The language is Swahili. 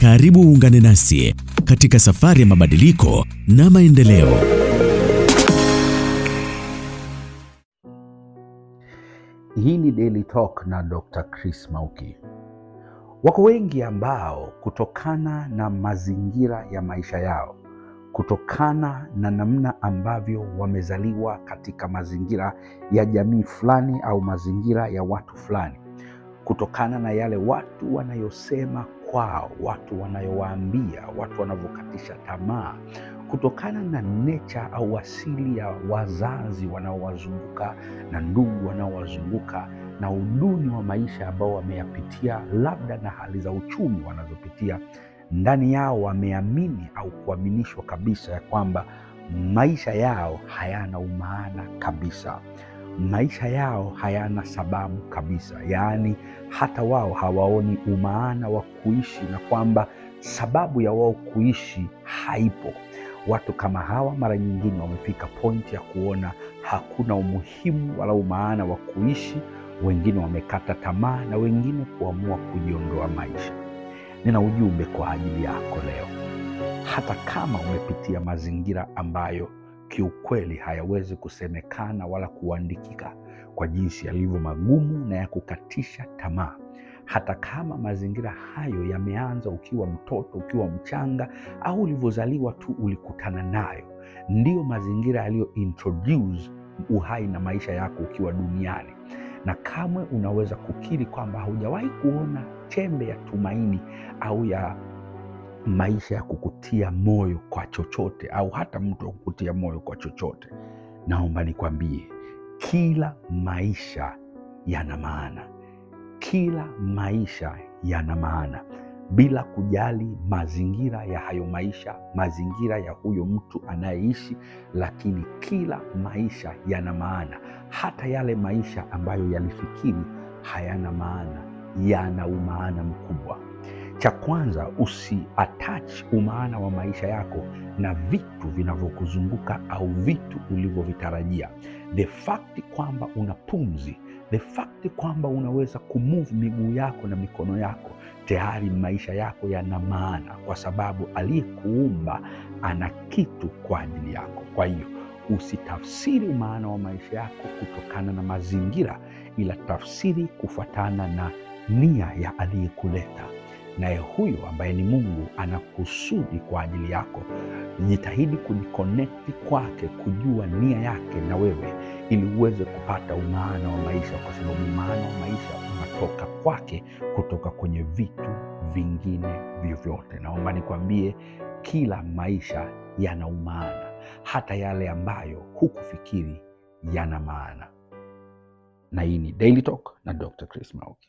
Karibu uungane nasi katika safari ya mabadiliko na maendeleo. Hii ni Daily Talk na Dr. Chris Mauki. Wako wengi ambao kutokana na mazingira ya maisha yao, kutokana na namna ambavyo wamezaliwa katika mazingira ya jamii fulani au mazingira ya watu fulani, kutokana na yale watu wanayosema kwao, watu wanayowaambia, watu wanavyokatisha tamaa kutokana na necha au asili ya wazazi wanaowazunguka na ndugu wanaowazunguka na uduni wa maisha ambao wameyapitia, labda na hali za uchumi wanazopitia, ndani yao wameamini au kuaminishwa kabisa ya kwamba maisha yao hayana umaana kabisa maisha yao hayana sababu kabisa, yaani hata wao hawaoni umaana wa kuishi na kwamba sababu ya wao kuishi haipo. Watu kama hawa mara nyingine wamefika pointi ya kuona hakuna umuhimu wala umaana wa kuishi. Wengine wamekata tamaa na wengine kuamua kujiondoa maisha. Nina ujumbe kwa ajili yako leo, hata kama umepitia mazingira ambayo kiukweli hayawezi kusemekana wala kuandikika kwa jinsi yalivyo magumu na ya kukatisha tamaa. Hata kama mazingira hayo yameanza ukiwa mtoto, ukiwa mchanga, au ulivyozaliwa tu ulikutana nayo, ndiyo mazingira yaliyo introduce uhai na maisha yako ukiwa duniani, na kamwe unaweza kukiri kwamba haujawahi kuona chembe ya tumaini au ya maisha ya kukutia moyo kwa chochote, au hata mtu wa kukutia moyo kwa chochote, naomba nikwambie, kila maisha yana maana, kila maisha yana maana, bila kujali mazingira ya hayo maisha, mazingira ya huyo mtu anayeishi, lakini kila maisha yana maana, hata yale maisha ambayo yalifikiri hayana maana, yana umaana mkubwa. Cha kwanza, usiatach umaana wa maisha yako na vitu vinavyokuzunguka au vitu ulivyovitarajia. The fakti kwamba una pumzi, the fakti kwamba unaweza kumove miguu yako na mikono yako, tayari maisha yako yana maana, kwa sababu aliyekuumba ana kitu kwa ajili yako. Kwa hiyo usitafsiri umaana wa maisha yako kutokana na mazingira, ila tafsiri kufuatana na nia ya aliyekuleta naye huyo ambaye ni Mungu ana kusudi kwa ajili yako. Jitahidi kujikonekti kwake, kujua nia yake na wewe, ili uweze kupata umaana wa maisha, kwa sababu umaana wa maisha unatoka kwake, kutoka kwenye vitu vingine vyovyote. Naomba nikwambie, kila maisha yana umaana, hata yale ambayo hukufikiri yana maana. Na hii ni Daily Talk na Dr. Chris Mauki.